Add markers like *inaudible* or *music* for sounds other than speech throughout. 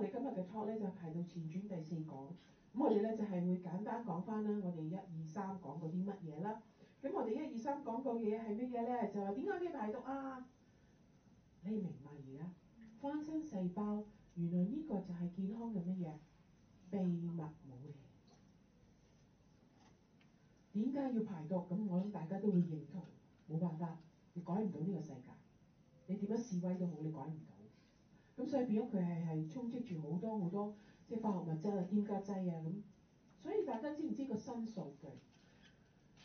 我哋今日嘅 talk 咧就排到前傳第四講，咁我哋咧就係會簡單講翻啦，我哋一二三講過啲乜嘢啦。咁我哋一二三講過嘅嘢係乜嘢咧？就話點解可以排毒啊？你明唔明啊？而家翻身細胞，原來呢個就係健康嘅乜嘢秘密武器。點解要排毒？咁我諗大家都會認同，冇辦法，你改唔到呢個世界。你點樣示威都好，你改唔到。咁所以變咗佢係係充斥住好多好多即係化學物質啊、添加劑啊咁，所以大家知唔知個新數據？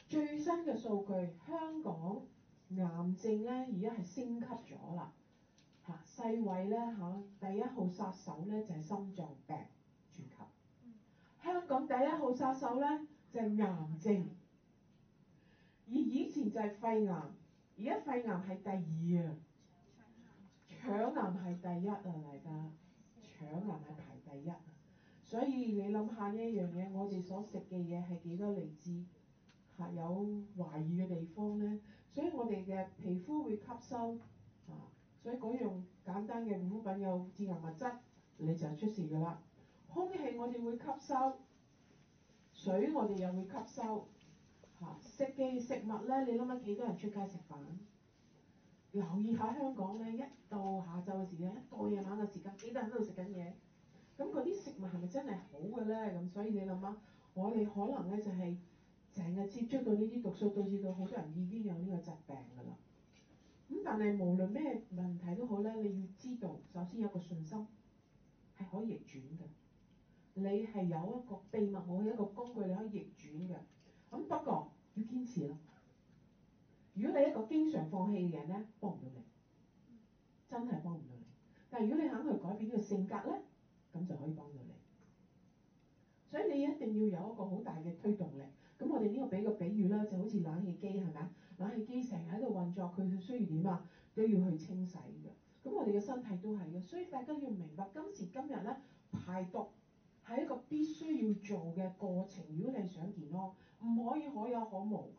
最新嘅數據，香港癌症咧而家係升級咗啦嚇，世衞咧嚇第一號殺手咧就係、是、心臟病，全球香港第一號殺手咧就係、是、癌症，而以前就係肺癌，而家肺癌係第二啊。腸癌係第一啊，大家！腸癌係排第一、啊，所以你諗下呢一樣嘢，我哋所食嘅嘢係幾多嚟自，係、啊、有懷疑嘅地方咧？所以我哋嘅皮膚會吸收，嚇、啊，所以嗰樣簡單嘅護膚品有致癌物質，你就出事噶啦！空氣我哋會吸收，水我哋又會吸收，嚇、啊，食嘅食物咧，你諗下幾多人出街食飯？留意下香港咧，一到下晝嘅時間，一到夜晚嘅時間，幾多人喺度食緊嘢？咁嗰啲食物係咪真係好嘅咧？咁所以你諗下，我哋可能咧就係成日接觸到呢啲毒素，導致到好多人已經有呢個疾病㗎啦。咁但係無論咩問題都好咧，你要知道，首先有個信心係可以逆轉嘅。你係有一個秘密武器，一個工具你可以逆轉嘅。咁不過要堅持啦。如果你一個經常放棄嘅人咧，幫唔到你，真係幫唔到你。但係如果你肯去改變呢個性格咧，咁就可以幫到你。所以你一定要有一個好大嘅推動力。咁我哋呢個俾個比喻啦，就好似冷氣機係咪？冷氣機成日喺度運作，佢需要點啊？都要去清洗嘅。咁我哋嘅身體都係嘅，所以大家要明白，今時今日咧，排毒係一個必須要做嘅過程。如果你想健康，唔可以可有可無。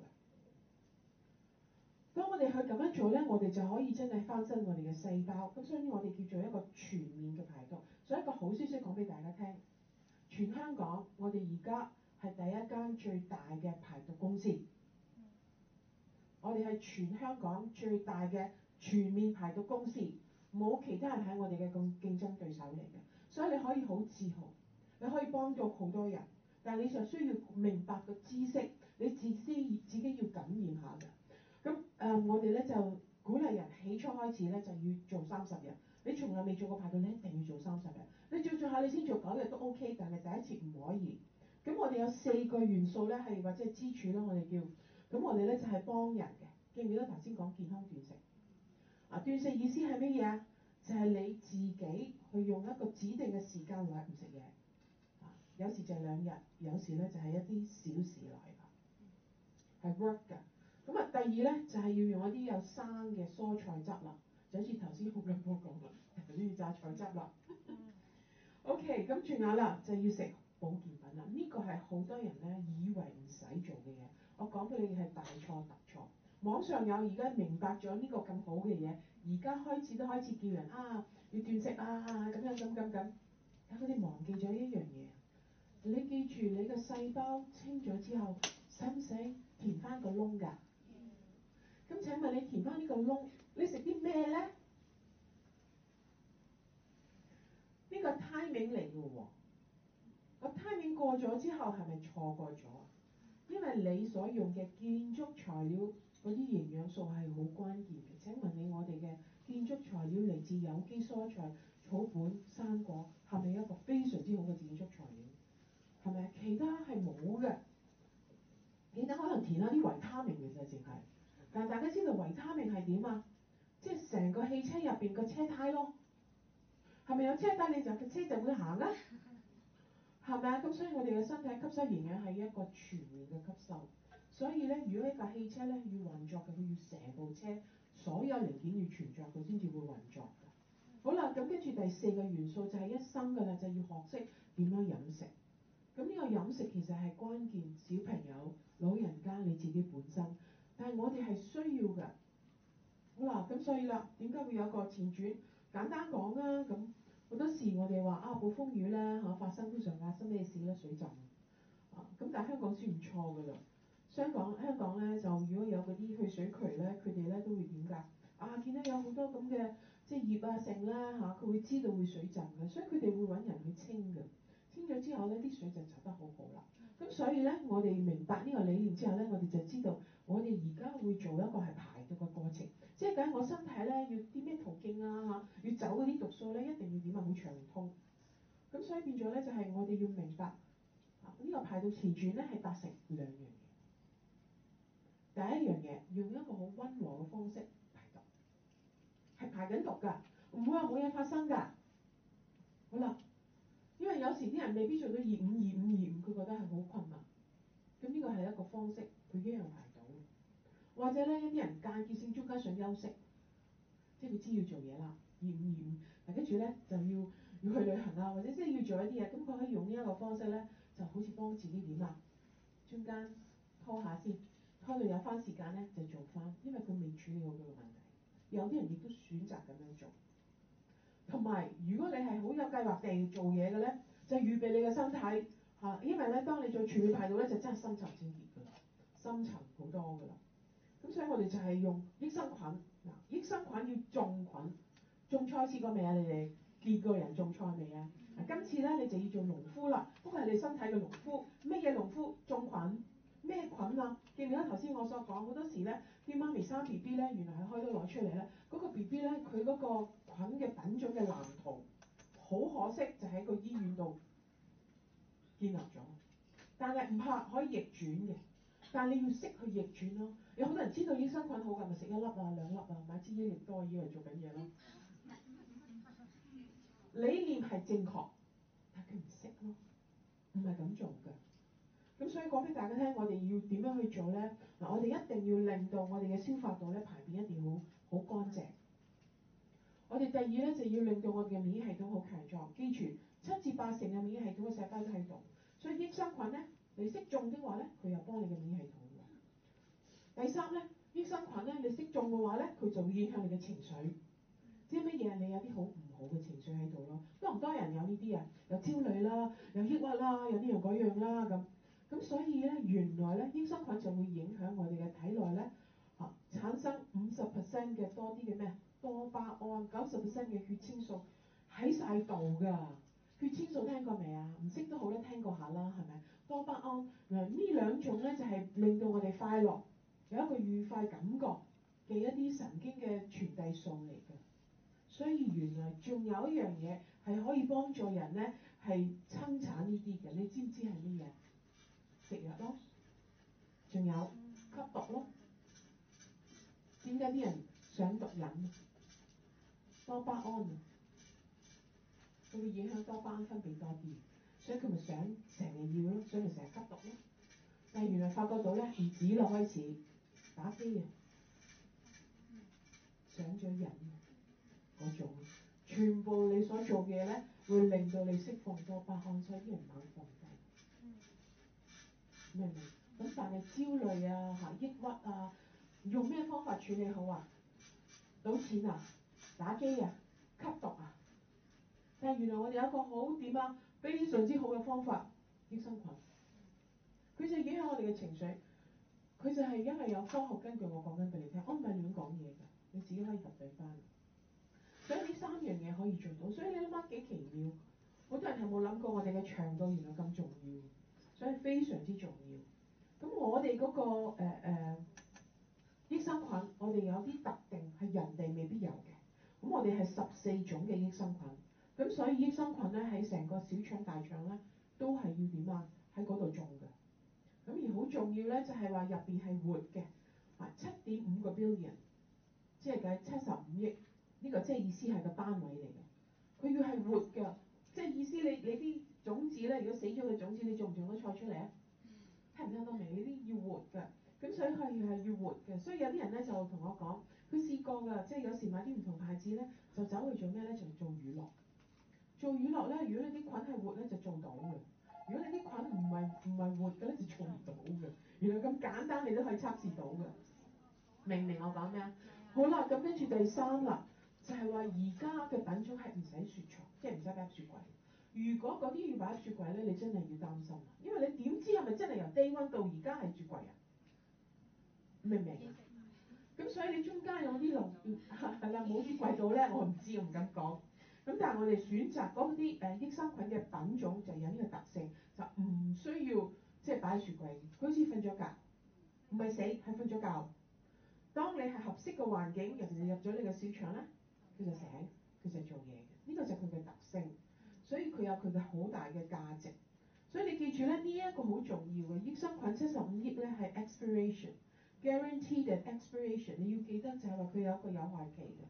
當我哋去咁樣做咧，我哋就可以真係翻身我哋嘅細胞。咁所以，我哋叫做一個全面嘅排毒。所以一個好消息講俾大家聽，全香港我哋而家係第一間最大嘅排毒公司。我哋係全香港最大嘅全面排毒公司，冇其他人喺我哋嘅咁競爭對手嚟嘅。所以你可以好自豪，你可以幫到好多人，但係你就需要明白個知識，你自己自己要感染下嘅。咁誒、呃，我哋咧就鼓勵人起初開始咧就要做三十日。你從來未做過排毒，你一定要做三十日。你做做下，你先做九日都 OK，但係第一次唔可以。咁我哋有四個元素咧，係或者係支柱啦，我哋叫。咁我哋咧就係、是、幫人嘅，記唔記得頭先講健康斷食？啊，斷食意思係咩嘢啊？就係、是、你自己去用一個指定嘅時間或者唔食嘢。有時就係兩日，有時咧就係、是、一啲小時嚟啦，係 work 㗎。咁啊，第二咧就係、是、要用一啲有生嘅蔬菜汁啦，就好似頭先洪亮波講啦，呢啲榨菜汁啦。 *laughs* 嗯、OK，咁轉眼啦，就要食保健品啦。呢、這個係好多人咧以為唔使做嘅嘢，我講俾你哋係大錯特錯。網上有而家明白咗呢個咁好嘅嘢，而家開始都開始叫人啊要斷食啊咁樣咁咁咁，佢哋忘記咗一樣嘢，你記住你嘅細胞清咗之後，使唔使填翻個窿㗎？請問你填翻呢個窿，你食啲咩咧？呢個 timing 嚟嘅喎，個 timing 過咗之後係咪錯過咗啊？因為你所用嘅建築材料嗰啲營養素係好關鍵嘅。請問你我哋嘅建築材料嚟自有機蔬菜、草本、生果，係咪一個非常之好嘅建築材料？係咪？其他係冇嘅，其他可能填下啲維他命嘅啫，淨係。但大家知道維他命係點啊？即係成個汽車入邊個車胎咯，係咪有車胎你就架車就會行咧？係咪啊？咁所以我哋嘅身體吸收營養係一個全面嘅吸收。所以咧，如果一架汽車咧要運作嘅，佢要成部車所有零件要存在佢先至會運作。好啦，咁跟住第四個元素就係一生噶啦，就是、要學識點樣飲食。咁呢個飲食其實係關鍵，小朋友、老人家你自己本身。但係我哋係需要嘅，好啦，咁所以啦，點解會有個前傳？簡單講啦，咁好多時我哋話啊，暴風雨咧嚇、啊、發生經常發生咩事咧？水浸啊，咁但係香港算唔錯㗎喇。香港香港咧就如果有嗰啲去水渠咧，佢哋咧都會點解？啊，見到有好多咁嘅即係葉啊剩咧嚇，佢、啊、會知道會水浸嘅，所以佢哋會搵人去清嘅。清咗之後咧，啲水就走得好好啦。咁所以咧，我哋明白呢個理念之後咧，我哋就知道我哋而家會做一個係排毒嘅過程，即係講我身體咧要啲咩途徑啊，要走嗰啲毒素咧，一定要點啊，好暢通。咁所以變咗咧，就係我哋要明白，呢個排毒前傳咧係達成兩樣嘢。第一樣嘢，用一個好溫和嘅方式排毒，係排緊毒㗎，唔會話冇嘢發生㗎，好啦。因為有時啲人未必做到二五二五二五，佢覺得係好困難。咁呢個係一個方式，佢一樣排到。或者咧，一啲人間歇性中間想休息，即係佢知要做嘢啦，二五二五，嗱跟住咧就要要去旅行啦，或者即係要做一啲嘢，咁佢可以用呢一個方式咧，就好似幫自己點啊，中間拖下先，拖到有翻時間咧就做翻，因為佢未處理好佢嘅問題。有啲人亦都選擇咁樣做。同埋，如果你係好有計劃地做嘢嘅咧，就預備你嘅身體嚇、啊，因為咧，當你再處理排毒咧，就真係深層清潔㗎啦，深層好多㗎啦。咁所以我哋就係用益生菌嗱，益生菌要種菌，種菜試過未啊？你哋見過人種菜未啊？今次咧，你就要做農夫啦，不過係你身體嘅農夫。咩嘢農夫？種菌，咩菌啊？記唔記得頭先我所講好多時咧，啲媽咪生 B B 咧，原來係開刀攞出嚟咧，嗰、那個 B B 咧，佢嗰、那個，菌嘅品種嘅藍圖，好可惜就喺個醫院度建立咗，但係唔怕，可以逆轉嘅，但係你要識去逆轉咯。有好多人知道益生菌好㗎，咪食一粒啊、兩粒啊，買支益力多以為做緊嘢咯。理念係正確，但佢唔識咯，唔係咁做㗎。咁所以講俾大家聽，我哋要點樣去做咧？嗱，我哋一定要令到我哋嘅消化道咧排便一定好好乾淨。嗯我哋第二咧就要令到我哋嘅免疫系統好強壯，記住七至八成嘅免疫系統嘅細胞都喺度，所以益生菌咧，你識種嘅話咧，佢又幫你嘅免疫系統。第三咧，益生菌咧，你識種嘅話咧，佢就會影響你嘅情緒，知係乜嘢？你有啲好唔好嘅情緒喺度咯，多唔多人有呢啲啊？有焦慮啦，有抑鬱啦，有呢樣嗰樣啦咁，咁所以咧，原來咧，益生菌就會影響我哋嘅體內咧，啊產生五十 percent 嘅多啲嘅咩？多巴胺、九十 percent 嘅血清素喺晒度噶。血清素聽過未啊？唔識都好啦，聽過下啦，係咪？多巴胺嗱，呢兩種咧就係令到我哋快樂，有一個愉快感覺嘅一啲神經嘅傳遞素嚟嘅。所以原來仲有一樣嘢係可以幫助人咧，係生產呢啲嘅。你知唔知係咩嘢？食藥咯，仲有吸毒咯。點解啲人想毒人？多巴胺啊，佢會影響多巴胺分泌多啲，所以佢咪想成日要咯，所以佢成日吸毒咯、啊。但係原來發覺到咧，唔止咯開始打飛、啊嗯、人、啊，上咗癮嗰種，全部你所做嘅嘢咧，會令到你釋放多巴胺，所以啲人唔肯放低，嗯、明唔明？咁、嗯、但係焦慮啊、嚇抑鬱啊，用咩方法處理好啊？賭錢啊？打機啊、吸毒啊，但係原來我哋有一個好點啊，非常之好嘅方法，益生菌。佢就影響我哋嘅情緒，佢就係因為有科學根據我，我講緊俾你聽。我唔係亂講嘢㗎，你自己可以核對翻。所以呢三樣嘢可以做到，所以你諗下幾奇妙。好多人係冇諗過，我哋嘅腸道原來咁重要，所以非常之重要。咁我哋嗰個誒誒益生菌，我哋有啲特定係人哋未必有嘅。咁我哋係十四種嘅益生菌，咁所以益生菌咧喺成個小腸大腸咧都係要點啊？喺嗰度種嘅。咁而好重要咧，就係話入邊係活嘅，啊七點五個 billion，即係計七十五億，呢、呢個即係意思係個單位嚟嘅。佢要係活嘅，即係意思你你啲種子咧，如果死咗嘅種子，你種唔種到菜出嚟啊？聽唔、嗯、聽到明？呢啲要活嘅，咁所以佢係要活嘅。所以有啲人咧就同我講。佢試過㗎，即係有時買啲唔同牌子咧，就走去做咩咧？就做乳酪，做乳酪咧。如果你啲菌係活咧，就做到嘅；如果你啲菌唔係唔係活，嘅咧就做唔到嘅。原來咁簡單，你都可以測試到嘅。明唔明我講咩啊？好啦，咁跟住第三啦，就係話而家嘅品種係唔使雪藏，即係唔使擺雪櫃。如果嗰啲要擺雪櫃咧，你真係要擔心，因為你點知係咪真係由低溫到而家係雪櫃啊？明唔明？咁所以你中間有啲落，係啦冇啲貴到咧，我唔知，我唔敢講。咁但係我哋選擇嗰啲誒益生菌嘅品種，就有呢個特性，就唔需要即係擺喺雪櫃，佢好似瞓咗覺，唔係死，係瞓咗覺。當你係合適嘅環境人哋入咗你嘅市場咧，佢就醒，佢就做嘢嘅。呢個就係佢嘅特性，所以佢有佢嘅好大嘅價值。所以你記住咧，呢一個好重要嘅益生菌七十五億咧係 expiration。Guaranteed expiration，你要記得就係話佢有一個有效期嘅。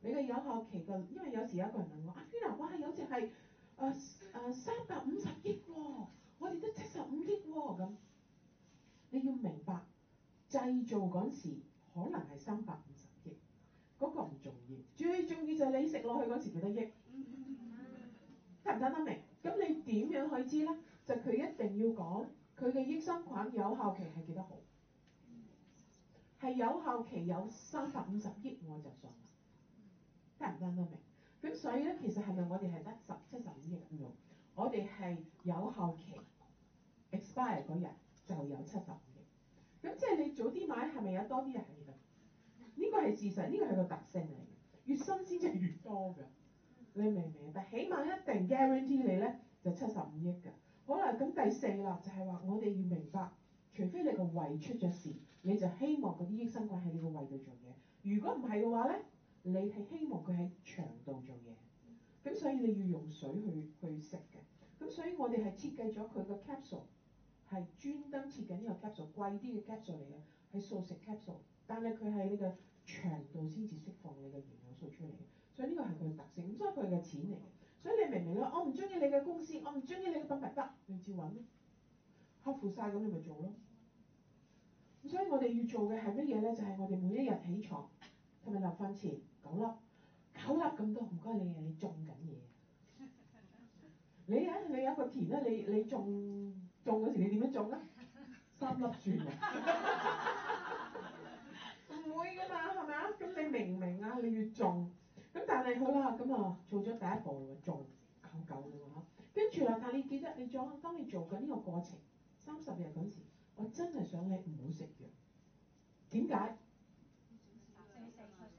你嘅有效期嘅，因為有時有一個人問我：阿邊啊，啊，哇有隻係誒誒三百五十億喎，哦，我哋得七十五億喎、哦、咁。你要明白製造嗰時可能係三百五十億，嗰、嗰個唔重要，最重要就係你食落去嗰時幾多億，得唔得得明？咁你點樣去知咧？就佢一定要講佢嘅益生菌有效期係幾多好。係有效期有三百五十億，我就信，得唔得得明？咁所以咧，其實係咪我哋係得十七十五億咁用、嗯？我哋係有效期 expire 嗰日就有七十五億。咁即係你早啲買係咪有多啲人喺度？呢個係事實，呢個係個特性嚟嘅，越新鮮就越多㗎。你明唔明？但起碼一定 guarantee 你咧就七十五億㗎。好啦，咁第四啦就係、是、話我哋要明白。除非你個胃出咗事，你就希望嗰啲益生菌喺你個胃度做嘢。如果唔係嘅話咧，你係希望佢喺腸度做嘢。咁所以你要用水去去食嘅。咁所以我哋係設計咗佢個 capsule，係專登設計呢個 capsule，貴啲嘅 capsule 嚟嘅，係素食 capsule。但係佢喺呢個腸度先至釋放你嘅營養素出嚟。所以呢個係佢嘅特性，咁所以佢嘅錢嚟。所以你明唔明啊？我唔中意你嘅公司，我唔中意你嘅品牌得，你照揾。包晒咁，你咪做咯。所以，我哋要做嘅係乜嘢咧？就係、是、我哋每一日起床，同咪立瞓前九粒九粒咁多，唔該你啊！你種緊嘢， *laughs* 你啊，你有一個田咧，你你種種嗰時，你點樣種咧？三粒算啊，唔 *laughs* *laughs* 會噶嘛，係咪啊？咁你明唔明啊？你越種咁，但係好啦，咁啊做咗第一步，種九九嘅喎，跟住啊，但係你記得你做當你做緊呢個過程。三十日嗰時，我真係想你唔好食藥。點解？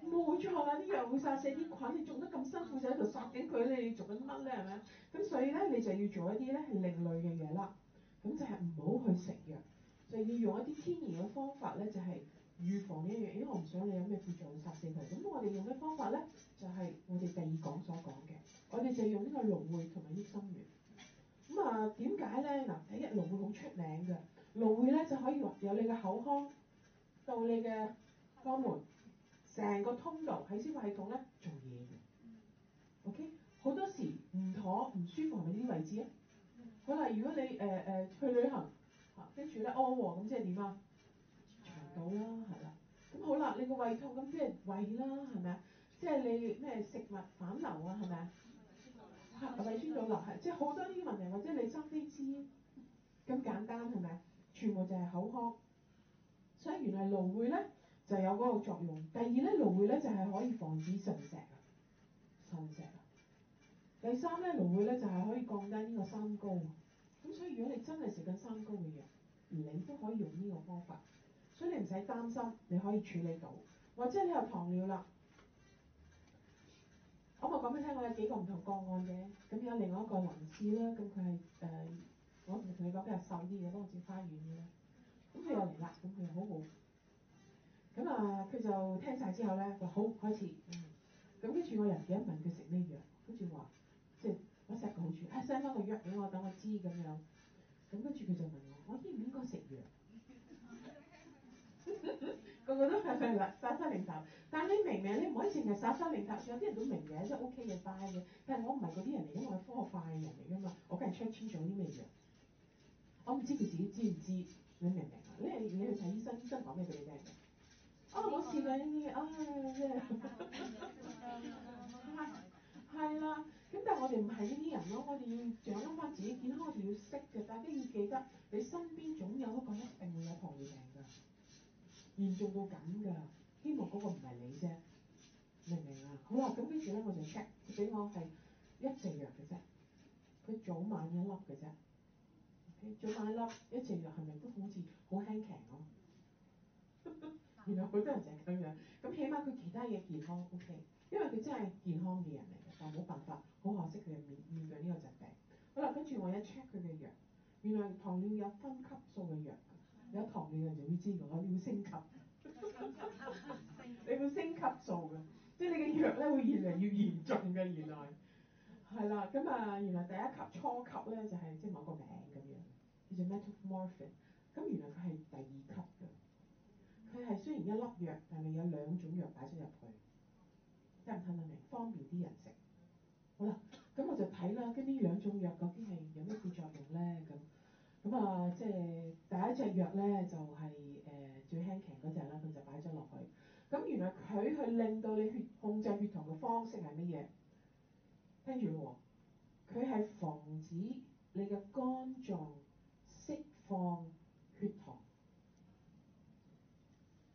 冇錯啦，啲藥會殺死啲菌。你種得咁辛苦，就喺度殺緊佢，你做緊乜咧？係咪？咁所以咧，你就要做一啲咧係另類嘅嘢啦。咁就係唔好去食藥，就要用一啲天然嘅方法咧，就係、是、預防呢樣，因為我唔想你有咩副作用殺死佢。咁我哋用嘅方法咧，就係、是、我哋第二講所講嘅，我哋就係用呢個蘆薈同埋益生元。咁啊，點解咧？嗱，第一龍。出名嘅蘆薈咧就可以由你嘅口腔到你嘅肛門，成個通道喺消化系統咧做嘢嘅。OK，好多時唔妥唔舒服係呢啲位置啊？好啦，如果你誒誒去旅行，嚇跟住咧屙黃咁，即係點啊？腸道啦，係啦。咁好啦，你個胃痛咁即係胃啦，係咪啊？即係你咩食物反流啊，係咪啊？胃酸倒流係，即係好多呢啲問題，或者你生飛滋。咁簡單係咪，全部就係口腔，所以原來蘆薈咧就有嗰個作用。第二咧，蘆薈咧就係可以防止腎石啊，腎石啊。第三咧，蘆薈咧就係可以降低呢個三高。咁所以如果你真係食緊三高嘅藥，而你都可以用呢個方法，所以你唔使擔心，你可以處理到。或者你又糖尿啦，我咪講俾你聽，我有幾個唔同個案嘅。咁有另外一個男士啦，咁佢係誒。呃我同同你講比較瘦啲嘅，多子花園嘅，咁佢又嚟啦，咁佢又好好。咁啊，佢就聽晒之後咧就好開始，咁跟住我人哋一問佢食咩藥，跟住話即我揾曬個好處，啊 send 翻個藥俾我，等我知咁樣。咁跟住佢就問我，我應唔應該食藥？個 *laughs* *laughs* *laughs* 個都係係啦，耍三,三零頭。但你明明你唔可以淨係耍三零頭，有啲人都明嘅，即係 OK 嘅 buy 嘅。但係我唔係嗰啲人嚟，因為我科學化嘅人嚟噶嘛，我梗係 check 清楚啲咩藥。我唔知佢自己知唔知，你明唔明啊？你你去睇醫生，醫生講咩俾你聽？啊，好似你啊，即係係啦。咁但係我哋唔係呢啲人咯，我哋要掌握翻自己健康，我哋要識嘅。大家要記得，你身邊總有一個一定會有糖尿病㗎，嚴重到咁㗎。希望嗰個唔係你啫，明唔明啊？好啦，咁跟住咧，我就 check，俾我係一隻藥嘅啫，佢早晚一粒嘅啫。做翻粒一隻藥係咪都好似好輕騎咯？ *laughs* 原來好多人就係咁樣。咁起碼佢其他嘢健康 O、okay, K，因為佢真係健康嘅人嚟嘅，但係冇辦法，好可惜佢係面面對呢個疾病。好啦，跟住我一 check 佢嘅藥，原來糖尿有分級數嘅藥，有糖尿病就會知道，你會升級， *laughs* *laughs* 你會升級數嘅，即係你嘅藥咧會越嚟越嚴重嘅。原來係 *laughs* 啦，咁啊，原來第一級初級咧就係即係某個名咁樣。隻 metformin 咁原來佢係第二級嘅。佢係雖然一粒藥，但係有兩種藥擺咗入去，睇唔睇得明，方便啲人食。好啦，咁我就睇啦。跟呢兩種藥究竟係有咩副作用咧？咁咁啊，即係第一隻藥咧，就係、是、誒、呃、最輕騎嗰隻啦，佢就擺咗落去。咁原來佢去令到你血控制血糖嘅方式係乜嘢？聽住佢喎，佢係防止你嘅肝臟。放血糖，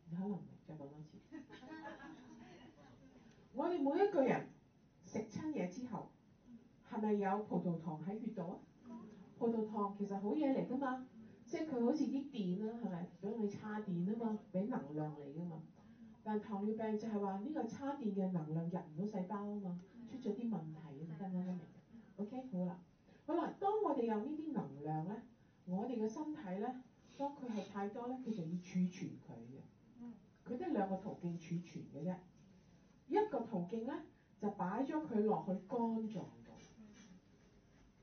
你可能再講多次。 *laughs* 我哋每一個人食親嘢之後，係咪有葡萄糖喺血度啊？嗯、葡萄糖其實好嘢嚟噶嘛，即係佢好似啲電啊，係咪？想你叉電啊嘛，俾能量嚟噶嘛。但係糖尿病就係話呢個叉電嘅能量入唔到細胞啊嘛，出咗啲問題啊，得唔得明？OK，好啦，好啦，當我哋有呢啲能量咧。我哋嘅身體咧，當佢係太多咧，佢就要儲存佢嘅。佢得兩個途徑儲存嘅啫。一個途徑咧，就擺咗佢落去肝臟度，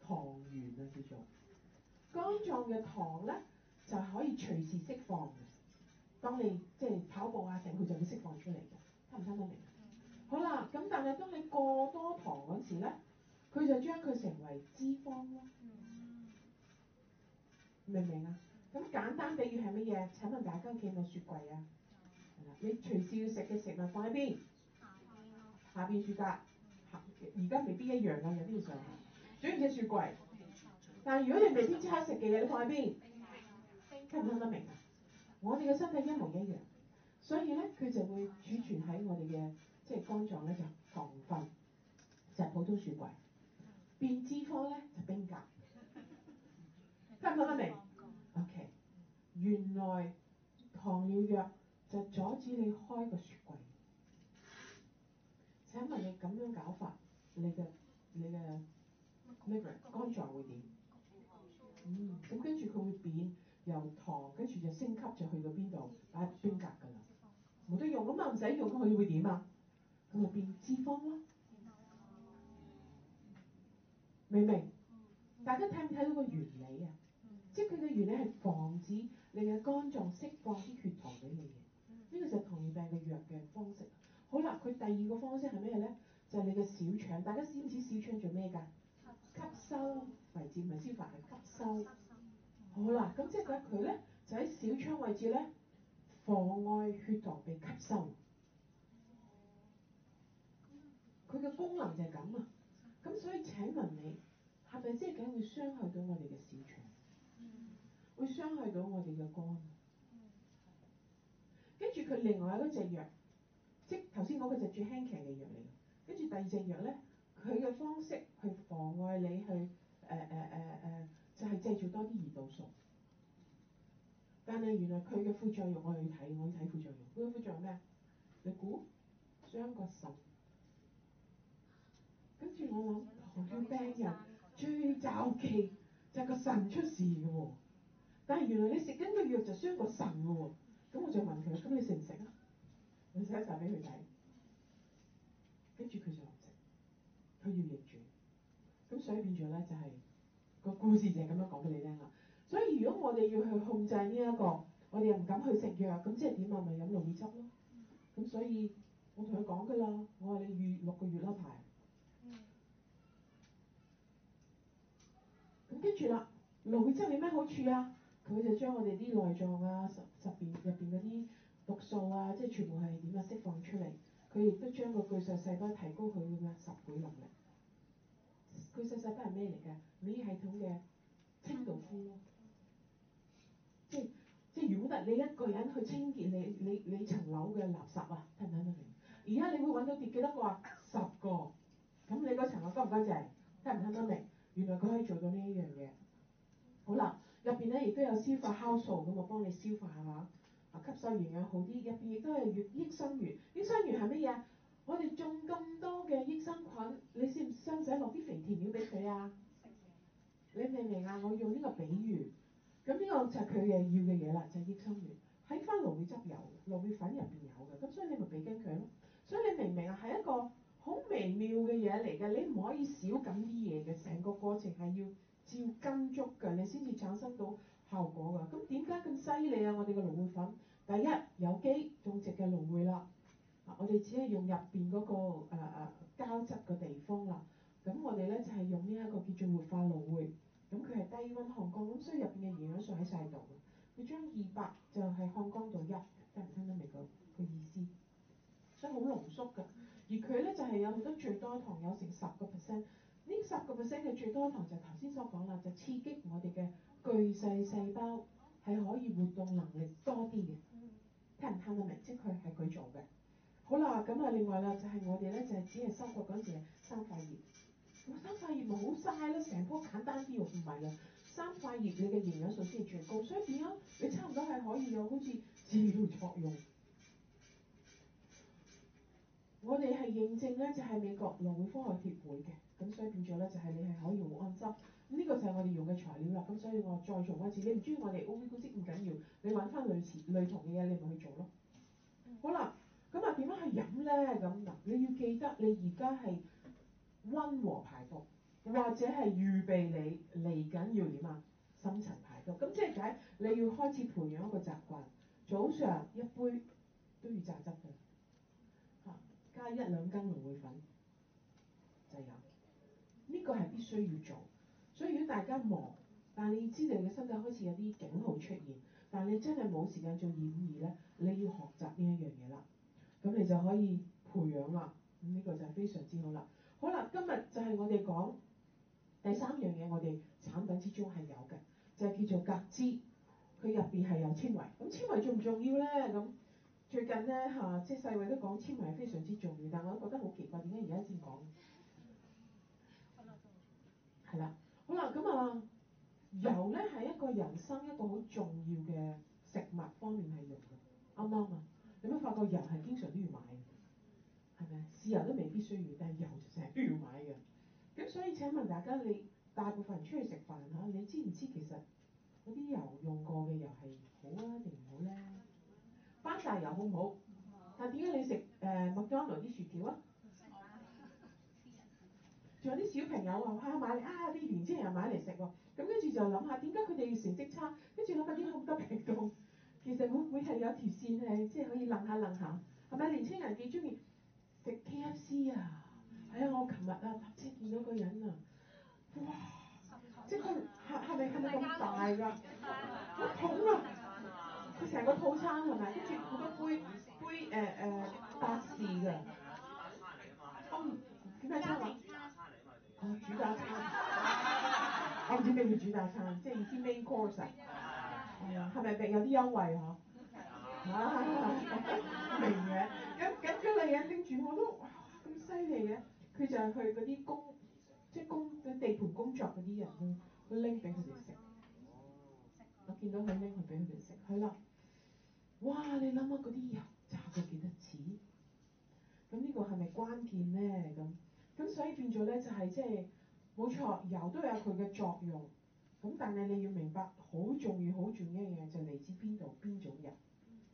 糖原啊，叫做肝臟嘅糖咧，就可以隨時釋放嘅。當你即係跑步啊成，佢就會釋放出嚟嘅。聽唔聽得明？好啦，咁但係當你過多糖嗰時咧，佢就將佢成為脂肪咯。明唔明啊？咁簡單比喻係乜嘢？請問大家見唔見雪櫃啊？你隨時要食嘅食物放喺邊？下邊雪格。而家未必一樣啊。有啲嘢上。主要即雪櫃。但係如果你未必即刻食嘅嘢，你放喺邊，啊？冰格啊。聽唔聽得明啊？我哋嘅身體一模一樣，所以咧佢就會儲存喺我哋嘅即係肝臟咧就糖、是、分，就係、是、普通雪櫃。變脂科咧就是、冰格。得唔得明？OK，原來糖尿藥就阻止你開個雪櫃。請問你咁樣搞法，你嘅你嘅 Liver 肝臟會點？嗯，咁跟住佢會變，由糖跟住就升級就去到邊度？哎，邊格㗎啦，冇得用咁啊，唔使用咁佢會點啊？咁咪變脂肪囉，明唔明？大家睇唔睇到個原理？即係佢嘅原理係防止你嘅肝臟釋放啲血糖俾你嘅，呢個就係糖尿病嘅藥嘅方式。好啦，佢第二個方式係咩咧？就係你嘅小腸，大家知唔知小腸做咩㗎？吸收為止，唔係消化，係吸收。好啦，咁即係佢咧，就喺小腸位置咧，妨礙血糖被吸收。佢嘅功能就係咁啊！咁所以請問你係咪即係梗會傷害到我哋嘅小腸？會傷害到我哋嘅肝，跟住佢另外一隻藥，即係頭先嗰個就最輕奇嘅藥嚟。跟住第二隻藥咧，佢嘅方式去妨礙你去誒誒誒誒，就係、是、製造多啲胰島素。但係原來佢嘅副作用我要睇，我要睇副作用。佢嘅副作用係咩？你估傷個腎，跟住我諗，糖尿病人最棹忌就係個腎出事喎。但係原來你食緊個藥就傷個腎噶喎，咁我就問佢：咁你食唔食啊？你食一陣俾佢睇，跟住佢就唔食，佢要忍住。咁所以變咗咧就係、是、個故事就係咁樣講俾你聽啦。所以如果我哋要去控制呢、這、一個，我哋又唔敢去食藥，咁即係點啊？咪飲蘆薈汁咯。咁所以我同佢講噶啦，我話你預六個月啦排。咁跟住啦，蘆薈汁有咩好處啊？佢就將我哋啲內臟啊、十十便入邊嗰啲毒素啊，即係全部係點樣釋放出嚟。佢亦都將個巨噬細胞提高佢咁十倍能力。巨噬細胞係咩嚟嘅？免疫系統嘅清道夫咯、嗯。即係即係，如果得你一個人去清潔你你你，你層樓嘅垃圾啊，聽唔聽得明？而家你會揾到跌幾多個啊？十個。咁你嗰層樓高唔高？得唔得？聽唔聽得明？原來佢可以做到呢一樣嘢。好啦。入邊咧亦都有消化酵素，咁我幫你消化下，啊吸收營養好啲。入邊亦都係益生元，益生元係乜嘢？我哋種咁多嘅益生菌，你識唔識唔使落啲肥田料俾佢啊？你明唔明啊？我用呢個比喻，咁呢個就佢嘅要嘅嘢啦，就係益生元。喺翻蘆薈汁油、蘆薈粉入邊有嘅，咁所以你咪俾緊佢咯。所以你明唔明啊？係一個好微妙嘅嘢嚟嘅，你唔可以少咁啲嘢嘅，成個過程係要。照跟足嘅，你先至產生到效果㗎。咁點解咁犀利啊？我哋嘅蘆薈粉，第一有機種植嘅蘆薈啦，啊，我哋只係用入邊嗰個誒誒膠質嘅地方啦。咁我哋咧就係、是、用呢一個叫做活化蘆薈，咁佢係低溫烘乾，咁所以入邊嘅營養素喺曬度 1,。佢將二百就係烘乾度一，得唔得？聽唔聽得明佢意思？所以好濃縮㗎。而佢咧就係、是、有得最多糖有，有成十個 percent。呢十個 percent 嘅最多糖就頭先所講啦，就是、刺激我哋嘅巨細細胞係可以活動能力多啲嘅。聽唔聽得明？即係佢係佢做嘅。好啦，咁啊，另外啦，就係我哋咧就係只係收割嗰陣時，三塊葉。咁、哦、三塊葉咪好嘥啦，成棵簡單啲又唔係啦，三塊葉你嘅營養素先係最高，所以點樣？你差唔多係可以有好似治療作用。我哋係認證咧，就係美國腦科學協會嘅。咁所以變咗咧，就係你係可以用安汁，咁呢個就係我哋用嘅材料啦。咁所以我再做返一次，你唔中意我哋 O V 果汁唔緊要，你揾翻類似類同嘅嘢，你咪去做咯。嗯、好啦，咁啊點樣去飲咧？咁嗱，你要記得你而家係溫和排毒，或者係預備你嚟緊要點啊？深層排毒。咁即係解，你要開始培養一個習慣，早上一杯都要榨汁嘅，嚇加一兩斤蘆薈粉。呢個係必須要做，所以如果大家忙，但係你知道你身體開始有啲警號出現，但係你真係冇時間做演義咧，你要學習呢一樣嘢啦，咁你就可以培養啦，咁呢個就係非常之好啦。好啦，今日就係我哋講第三樣嘢，我哋產品之中係有嘅，就係、是、叫做隔脂，佢入邊係有纖維。咁纖維重唔重要咧？咁最近咧嚇、啊，即係世衛都講纖維係非常之重要，但我覺得好奇怪，點解而家先講？係啦，好啦，咁、嗯、啊油咧係一個人生一個好重要嘅食物方面係用嘅，啱啱啊，你有冇發覺油係經常都要買嘅，係咪？豉油都未必需要，但係油就成日都要買嘅。咁所以請問大家，你大部分人出去食飯嚇，你知唔知其實嗰啲油用過嘅油係好啊定唔好咧、啊？翻晒油好唔好？但係點解你食誒麥當勞啲薯條啊？仲有啲小朋友話買嚟啊，啲年青人買嚟食喎，咁跟住就諗下點解佢哋要成績差，跟住諗下啲好吸道度，其實會唔會係有條線係即係可以諗下諗下，係咪年青人幾中意食 K F C 啊？係、哎、啊，我琴日啊搭車見到個人啊，哇！即係佢係咪係咪咁大㗎？好桶啊！佢成個套餐係咪？跟住好多杯杯誒誒百事㗎，我唔點解餐 *noise* 煮大餐，我 *laughs* 唔、啊、知咩叫煮大餐，即係啲 main course 啊，係啊，係咪俾有啲優惠啊？ *noise* 啊哈哈明嘅，咁咁嗰個女人拎住我都咁犀利嘅，佢就係去嗰啲工，即、就、係、是、工，嘅地盤工作嗰啲人去拎俾佢哋食。我見到佢拎去俾佢哋食，係啦， *noise* 哇！你諗下嗰啲油炸咗幾多錢？咁呢個係咪關鍵咧？咁？咁所以變咗咧、就是，就係即係冇錯，油都有佢嘅作用。咁但係你要明白，好重要、好重要嘅嘢就嚟自邊度、邊種人。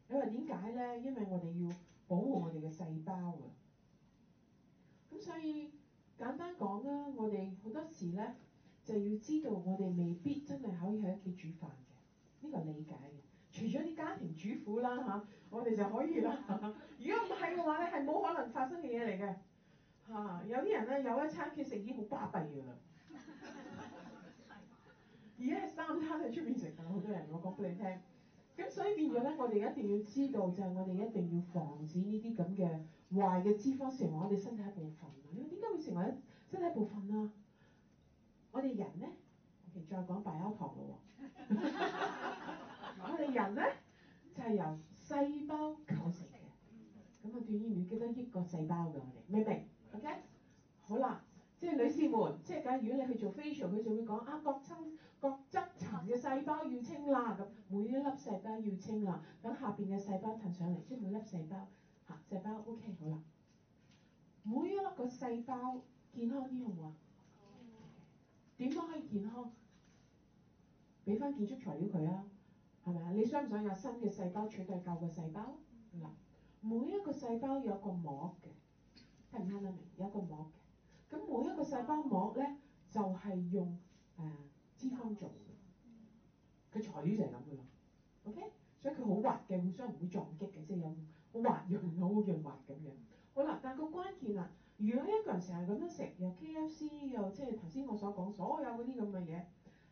你話點解咧？因為我哋要保護我哋嘅細胞啊。咁所以簡單講啦，我哋好多時咧就要知道，我哋未必真係可以喺屋企煮飯嘅。呢、這個理解嘅，除咗啲家庭主婦啦吓、啊，我哋就可以啦、啊。如果唔係嘅話咧，係冇可能發生嘅嘢嚟嘅。有啲人咧，有一餐其實已經好巴閉噶啦，而家係三餐喺出面食，好多人我講俾你聽。咁所以變咗咧，我哋一定要知道，就係我哋一定要防止呢啲咁嘅壞嘅脂肪成為我哋身體一部分。點解會成為身體一部分啊？我哋人咧，我哋再講白開糖咯。我哋人咧，就係由細胞構成嘅。咁啊，體醫院幾多億個細胞嘅我哋，明明？OK，好啦，即係女士們，即係假如你去做 facial，佢就會講啊，角層、角質層嘅細胞要清啦，咁每一粒細胞要清啦，等下邊嘅細胞騰上嚟，即係每一粒細胞嚇、啊、細胞 OK，好啦，每一粒個細胞健康啲好唔好啊？點樣、oh, okay. 可以健康？俾翻建築材料佢啊，係咪啊？你想唔想有新嘅細胞取代舊嘅細胞？嗱、mm，hmm. 每一個細胞有一個膜嘅。聽唔聽得明？有一個膜嘅，咁每一個細胞膜咧就係用誒脂肪做嘅，佢材料就係咁嘅啦。OK，所以佢好滑嘅，互相唔會撞擊嘅，即係有好滑潤好潤滑咁樣。好啦，但個關鍵啦，如果一個人成日咁樣食又 KFC 又即係頭先我所講所有嗰啲咁嘅嘢，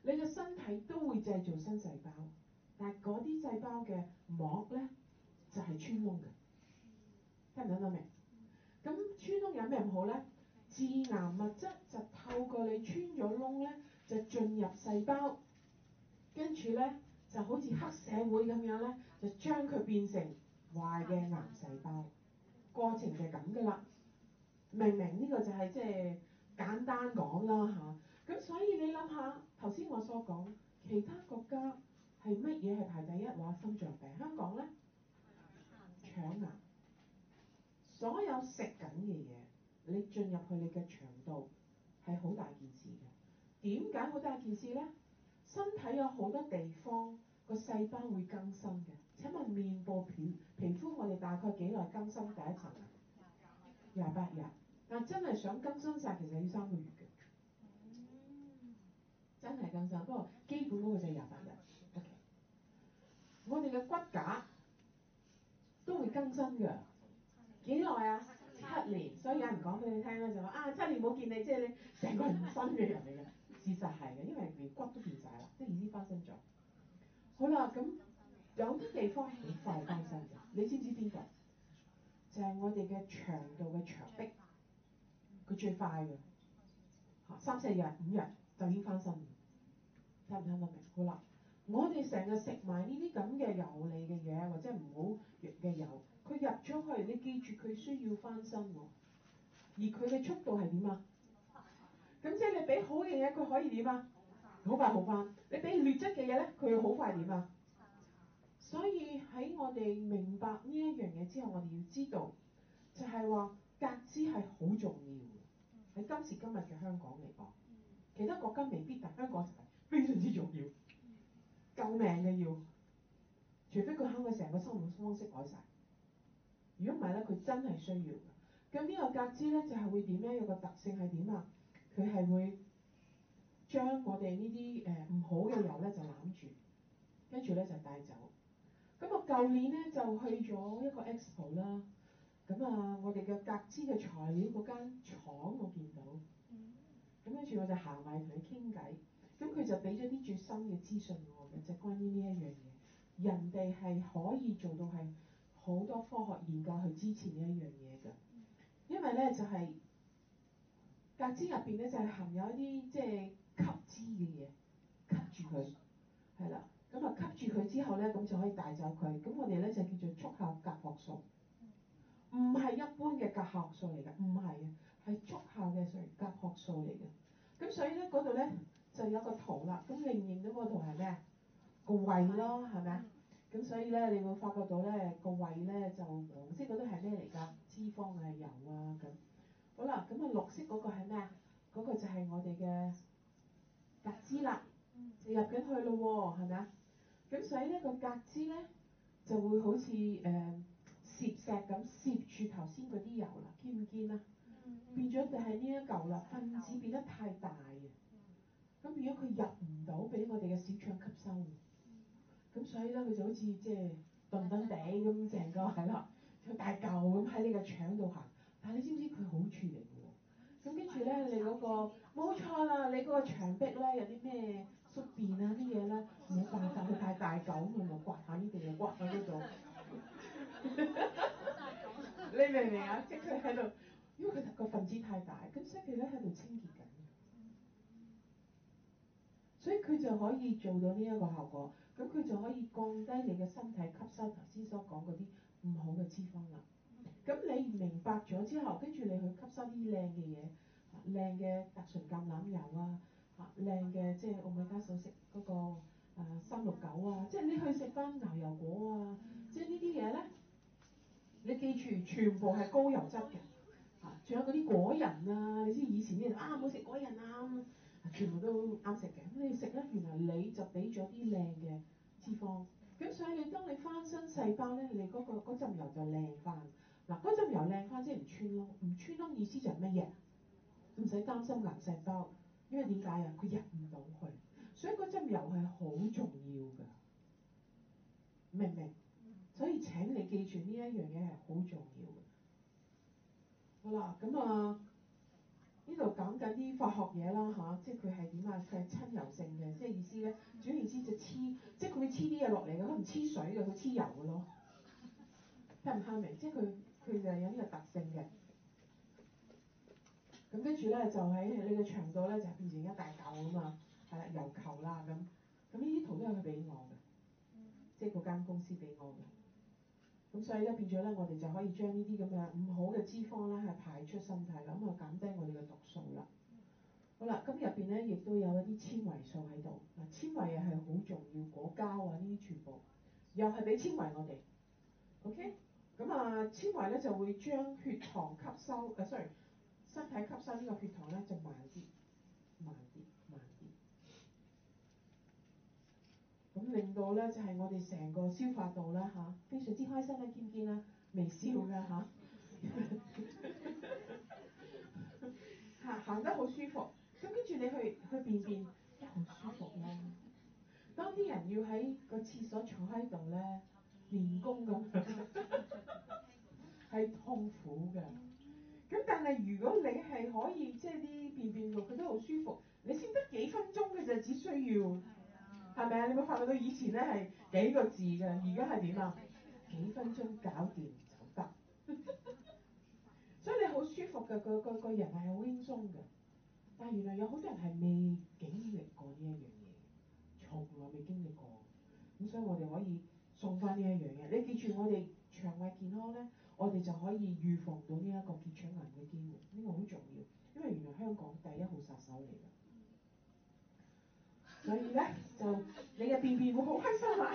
你嘅身體都會製造新細胞，但係嗰啲細胞嘅膜咧就係穿窿嘅，聽唔聽得明？咁穿窿有咩唔好咧？致癌物質就透過你穿咗窿咧，就進入細胞，跟住咧就好似黑社會咁樣咧，就將佢變成壞嘅癌細胞。過程就係咁噶啦，明唔明？呢個就係即係簡單講啦吓，咁、啊、所以你諗下，頭先我所講，其他國家係乜嘢係排第一，話心臟病，香港咧腸癌。所有食緊嘅嘢，你進入去你嘅腸道，係好大件事嘅。點解好大件事咧？身體有好多地方個細胞會更新嘅。請問面部片皮，皮膚，我哋大概幾耐更新第一層？廿八日。廿八日，但真係想更新晒，其實要三個月嘅。真係更新，不過基本嗰個就係廿八日。OK，我哋嘅骨架都會更新嘅。幾耐啊？七年，所以有人講俾你聽咧，就話啊七年冇見你，即係你成個唔新嘅人嚟嘅。事實係嘅，因為連骨都變晒啦，即係已經翻身咗。好啦，咁有啲地方好快翻身嘅， *laughs* 你知唔知邊個？就係、是、我哋嘅牆度嘅牆壁，佢最快嘅三四日、五日就已經翻身。聽唔聽得明？好啦，我哋成日食埋呢啲咁嘅油膩嘅嘢，或者唔好嘅油。佢入咗去，你記住佢需要翻身，而佢嘅速度係點啊？咁即係你俾好嘅嘢，佢可以點啊？好快好快。你俾劣質嘅嘢咧，佢又好快點啊？嗯、所以喺我哋明白呢一樣嘢之後，我哋要知道就係話格資係好重要，喺今時今日嘅香港嚟講，其他國家未必，但香港係非常之重要，救命嘅要，除非佢肯佢成個生活方式改晒。如果唔係咧，佢真係需要。咁呢個格子咧就係、是、會點咧？有個特性係點啊？佢係會將我哋、呃、呢啲誒唔好嘅油咧就攬住，跟住咧就帶走。咁啊，舊年咧就去咗一個 Expo 啦。咁啊，我哋嘅格子嘅材料嗰間廠我見到。咁跟住我就行埋同佢傾偈，咁佢就俾咗啲最新嘅資訊我嘅，就關於呢一樣嘢，人哋係可以做到係。好多科學研究去支持呢一樣嘢㗎，因為咧就係、是、格肢入邊咧就係、是、含有一啲即係吸脂嘅嘢吸住佢，係啦素，咁啊吸住佢之後咧咁就可以帶走佢，咁我哋咧就叫做速效甲殼素，唔係、嗯、一般嘅甲殼素嚟㗎，唔係嘅，係速效嘅素甲殼素嚟嘅，咁所以咧嗰度咧就有個圖啦，咁你認到個圖係咩啊？個胃咯，係咪啊？咁所以咧，你會發覺到咧，個胃咧就黃色嗰啲係咩嚟㗎？脂肪啊、油啊咁。好啦，咁啊綠色嗰個係咩啊？嗰、那個就係我哋嘅格脂啦，就、嗯、入緊去咯喎、哦，係咪啊？咁所以呢個格脂咧就會好似誒攝石咁攝住頭先嗰啲油啦，見唔見啊？嗯嗯變咗就係呢一嚿啦，分子變得太大啊！咁、嗯嗯、如果佢入唔到，俾我哋嘅小腸吸收。咁所以咧，佢就好似即係墩墩頂咁成個，係咯，佢大嚿咁喺你嘅腸度行。但係你知唔知佢好處嚟喎？咁跟住咧，你嗰、嗰個冇錯啦，你嗰個牆壁咧有啲咩宿便啊啲嘢咧，冇辦法佢太大嚿咁樣刮下呢度，刮下呢度。你明唔明啊？即係佢喺度，因為佢個分子太大，咁所以佢咧喺度清潔緊。所以佢就可以做到呢一個效果。咁佢就可以降低你嘅身體吸收頭先所講嗰啲唔好嘅脂肪啦。咁你明白咗之後，跟住你去吸收啲靚嘅嘢，靚嘅特醇橄欖油啊，嚇靚嘅即係奧米加三嗰個啊三六九啊，即係你去食翻牛油果啊，啊嗯、即係呢啲嘢咧，你記住全部係高油質嘅，嚇、啊、仲有嗰啲果仁啊，你知以前啲人啊冇食果仁啊。全部都啱食嘅，你食咧，原來你就俾咗啲靚嘅脂肪，咁所以你當你翻身細胞咧，你嗰個嗰陣油就靚翻。嗱，嗰陣油靚翻即係唔穿窿，唔穿窿意思就係乜嘢？唔使擔心癌細胞，因為點解啊？佢入唔到去，所以嗰陣油係好重要㗎。明唔明？所以請你記住呢一樣嘢係好重要。好啦，咁啊。呢度講緊啲化學嘢啦吓，即係佢係點啊？佢係親油性嘅，即係意思咧，主要意思就黐，即係佢會黐啲嘢落嚟嘅，佢唔黐水嘅，佢黐油嘅咯。聽唔聽明？即係佢佢就係有呢個特性嘅。咁跟住咧就喺你個牆度咧就變成一大嚿啊嘛，係啦，油球啦咁。咁呢啲圖都係佢俾我嘅，嗯、即係嗰間公司俾我嘅。咁所以咧，變咗咧，我哋就可以將呢啲咁樣唔好嘅脂肪咧，係排出身體啦，咁啊減低我哋嘅毒素啦。好啦，咁入邊咧亦都有一啲纖維素喺度，嗱纖維啊係好重要，果膠啊呢啲全部又係俾纖維我哋。OK，咁啊纖維咧就會將血糖吸收，啊 sorry，身體吸收呢個血糖咧就慢啲，慢。令到咧就係我哋成個消化道啦，嚇，非常之開心啦，見唔見啦，微笑㗎嚇，啊、 *laughs* 行得好舒服。咁跟住你去去便便，都好舒服啦、啊。 *laughs* 當啲人要喺個廁所坐喺度咧，練功咁，係 *laughs* *laughs* 痛苦嘅。咁、嗯、但係如果你係可以即係啲便便落佢都好舒服，你先得幾分鐘嘅啫，只需要。係咪啊？你有冇發覺到以前咧係幾個字㗎，而家係點啊？幾分鐘搞掂就得， *laughs* 所以你好舒服嘅，個個個人係好輕鬆嘅。但係原來有好多人係未經歷過呢一樣嘢，從來未經歷過。咁所以我哋可以送翻呢一樣嘢。你記住，我哋腸胃健康咧，我哋就可以預防到呢一個結腸癌嘅機會。呢個好重要，因為原來香港第一號殺手嚟㗎。所以咧就你嘅便便會好開心啊，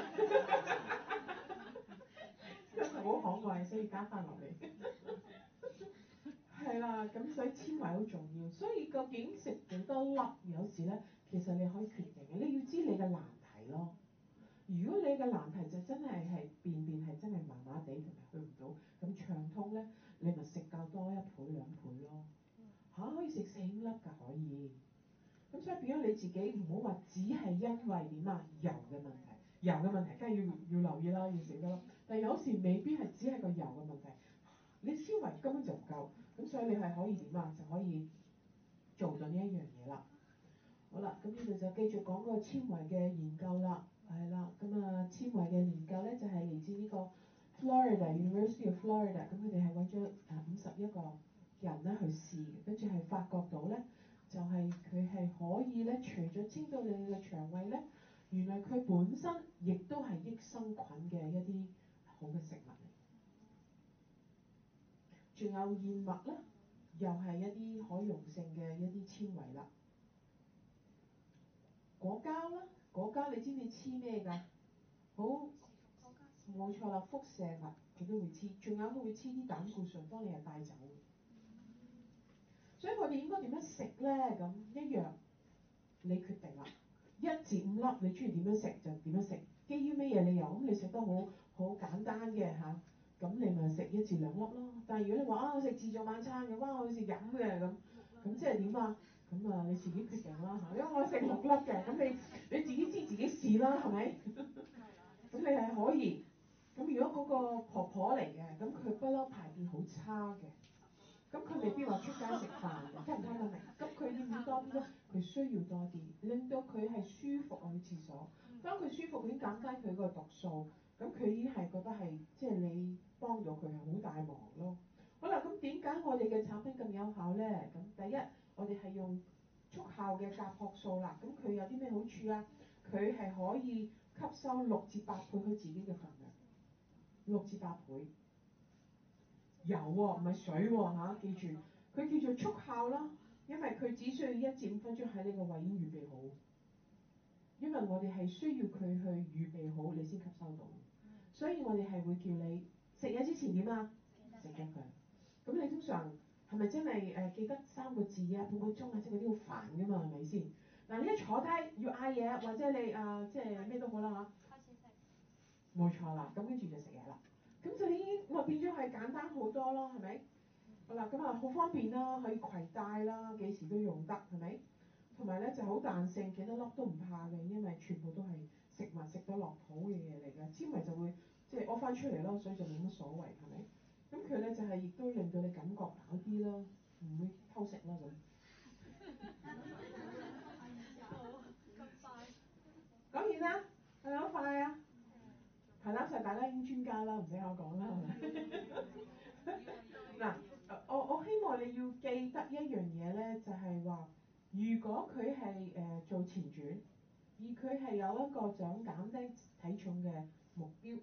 因 *laughs* 為好可愛，所以加翻落嚟。係啦，咁所以纖維好重要。所以究竟食幾多粒？有時咧其實你可以決定嘅。你要知你嘅難題咯。如果你嘅難題就真係係便便係真係麻麻地同埋去唔到，咁暢通咧，你咪食夠多一倍兩倍咯。嚇、啊，可以食四粒㗎，可以。咁所以變咗你自己唔好話只係因為點啊油嘅問題，油嘅問題梗係要要留意啦，要小心啦。但係有時未必係只係個油嘅問題，你纖維根本就唔夠。咁所以你係可以點啊？就可以做到呢一樣嘢啦。好啦，咁呢度就繼續講個纖維嘅研究啦。係啦，咁啊纖維嘅研究咧就係嚟自呢個 Florida University of Florida。咁佢哋係揾咗五十一個人咧去試，跟住係發覺到咧。就係佢係可以咧，除咗清到你嘅腸胃咧，原來佢本身亦都係益生菌嘅一啲好嘅食物，仲有燕麥啦，又係一啲可溶性嘅一啲纖維啦，果膠啦，果膠你知唔知黐咩㗎？好，冇錯啦，輻射物，佢膠都會黐，仲有都會黐啲膽固醇幫你係帶走。所以我哋應該點樣食咧？咁一樣，你決定啦。一至五粒，你中意點樣食就點樣食。基於咩嘢理由？咁你食得好好簡單嘅嚇，咁、啊、你咪食一至兩粒咯。但係如果你話啊，我食自助晚餐嘅，哇，我好似飲嘅咁，咁即係點啊？咁啊，你自己決定啦嚇、啊。因為我食六粒嘅，咁你你自己知自己試啦，係咪？咁 *laughs* 你係可以。咁如果嗰個婆婆嚟嘅，咁佢不嬲排便好差嘅。咁佢未必話出街食飯嘅，聽唔 *laughs* 聽得明？咁佢要點多啲咧？佢 *laughs* 需要多啲，令到佢係舒服去廁所，當佢舒服，佢 *laughs* 減低佢個毒素，咁佢已經係覺得係即係你幫到佢係好大忙咯。好啦，咁點解我哋嘅產品咁有效咧？咁第一，我哋係用速效嘅甲殼素啦。咁佢有啲咩好處啊？佢係可以吸收六至八倍佢自己嘅份量，六至八倍。有喎、啊，唔係水喎、啊、嚇，記住，佢叫做速效啦，因為佢只需要一至五分鐘喺你個胃已經預備好。因為我哋係需要佢去預備好你先吸收到，嗯、所以我哋係會叫你食嘢之前點啊？食記咗佢，咁、嗯、你通常係咪真係誒、呃、記得三個字啊半個鐘啊，即係嗰啲好煩㗎嘛，係咪先？嗱、啊嗯、你一坐低要嗌嘢或者你誒、呃、即係咩都好啦嚇、啊，開始食，冇錯啦，咁跟住就食嘢啦。咁就已經變咗係簡單好多咯，係咪？好啦，咁啊好方便啦，可以攜帶啦，幾時都用得，係咪？同埋咧就好彈性，幾多粒都唔怕嘅，因為全部都係食物食得落肚嘅嘢嚟嘅，纖維就會即係屙翻出嚟咯，所以就冇乜所謂，係咪？咁佢咧就係、是、亦都令到你感覺飽啲啦，唔會偷食啦咁。係啦，上大家已經專家啦，唔使我講啦，係咪？嗱，我我希望你要記得一樣嘢咧，就係話，如果佢係誒做前轉，而佢係有一個長減低體重嘅目標，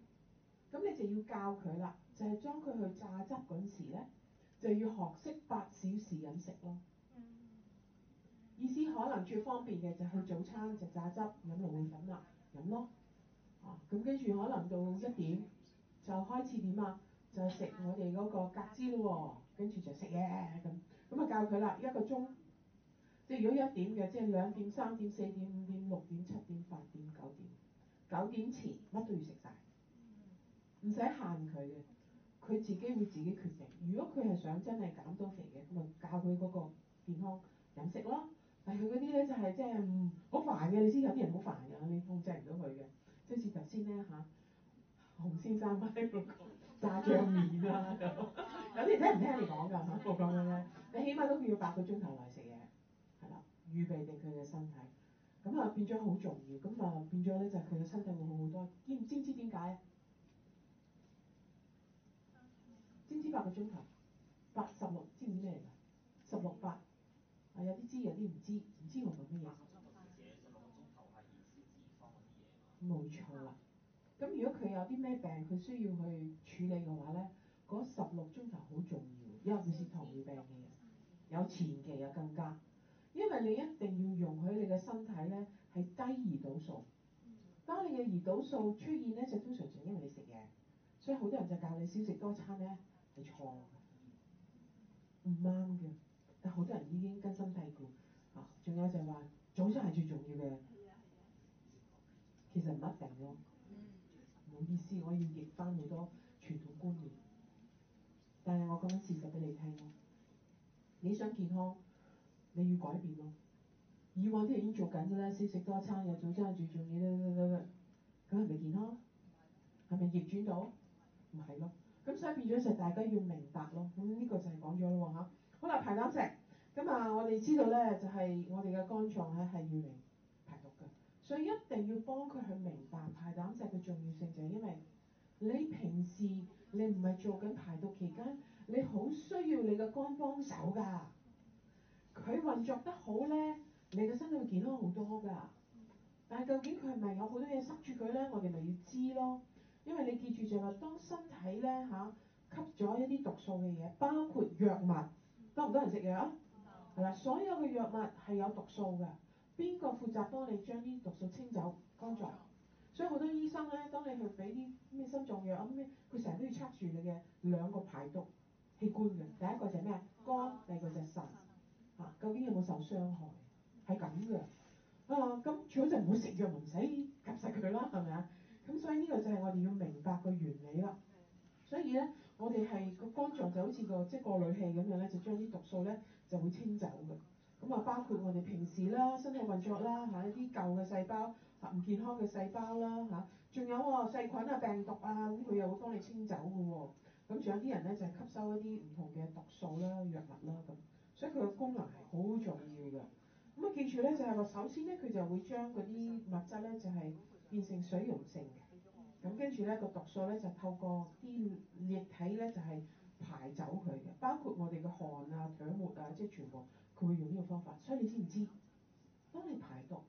咁你就要教佢啦，就係將佢去榨汁嗰時咧，就要學識八小時飲食咯。意思可能最方便嘅就係早餐就榨汁飲濃養品啦，飲咯。咁跟住可能到一點就開始點啊，就食我哋嗰個格子咯喎，跟住就食嘢咁，咁啊教佢啦一個鐘，即係如果一點嘅，即係兩點、三點、四點、五點、六點、七點、八點、九點，九點前乜都要食晒，唔使限佢嘅，佢自己會自己決定。如果佢係想真係減到肥嘅，咁啊教佢嗰個健康飲食咯。但係佢嗰啲咧就係即係好煩嘅，你知有啲人好煩㗎，你控制唔到佢嘅。即係頭先咧嚇，洪先生翻到、嗰個 *laughs* 炸醬麵啦、啊、咁， *laughs* 有啲聽唔聽你講㗎我講緊咧，你、啊、 *laughs* 起碼都要八個鐘頭內食嘢，係啦，預備定佢嘅身體，咁啊變咗好重要，咁啊變咗咧就係佢嘅身體會好好多。知唔知唔知點解啊？知唔 *laughs* 知八個鐘頭？八十六知唔知咩㗎？十六八，係有啲知有啲唔知，唔知我講咩嘢？冇錯啦，咁如果佢有啲咩病，佢需要去處理嘅話咧，嗰十六鐘頭好重要，因為佢係糖尿病嘅人，有前期啊更加，因為你一定要容許你嘅身體咧係低胰島素。當你嘅胰島素出現咧，就通常就因為你食嘢，所以好多人就教你少食多餐咧係錯嘅，唔啱嘅。但好多人已經根深蒂固啊，仲有就係話早餐係最重要嘅。其實唔一定咯，唔好意思，我要逆翻好多傳統觀念。但係我講緊事實俾你聽咯，你想健康，你要改變咯。以往啲人已經做緊㗎啦，先食多餐，又早餐、早中午、早晚，佢係咪健康？係咪逆轉到？唔係咯。咁所以變咗就大家要明白咯。咁、嗯、呢、這個就係講咗咯嚇。好啦，排膽石。咁啊，我哋知道咧，就係我哋嘅肝臟咧係要。所以一定要幫佢去明白排膽石嘅重要性，就係、是、因為你平時你唔係做緊排毒期間，你好需要你嘅肝幫手㗎。佢運作得好咧，你嘅身體會健康好多㗎。但係究竟佢係咪有好多嘢塞住佢咧？我哋咪要知咯。因為你記住就係話，當身體咧嚇、啊、吸咗一啲毒素嘅嘢，包括藥物，多唔多人食藥啊？嗯、啦，所有嘅藥物係有毒素㗎。邊個負責幫你將啲毒素清走肝臟？所以好多醫生咧，當你去俾啲咩心臟藥啊咩，佢成日都要測住你嘅兩個排毒器官嘅，第一個就係咩肝，第二個就係腎啊。究竟有冇受傷害？係咁嘅啊！咁最好就唔好食藥，唔使夾實佢啦，係咪啊？咁所以呢個就係我哋要明白個原理啦。所以咧，我哋係個肝臟就好似個即係過濾器咁樣咧，就將啲毒素咧就會清走嘅。咁啊，包括我哋平時啦，身體運作啦，嚇、啊、一啲舊嘅細胞，唔、啊、健康嘅細胞啦，嚇、啊，仲有喎、哦、細菌啊、病毒啊，咁佢又會幫你清走嘅喎。咁仲有啲人咧就係、是、吸收一啲唔同嘅毒素啦、藥物啦咁，所以佢嘅功能係好重要嘅。咁啊，記住咧就係話，首先咧佢就會將嗰啲物質咧就係、是、變成水溶性嘅，咁跟住咧個毒素咧就是、透過啲液體咧就係、是、排走佢嘅，包括我哋嘅汗啊、唾沫啊，即係全部。佢用呢個方法，所以你知唔知？當你排毒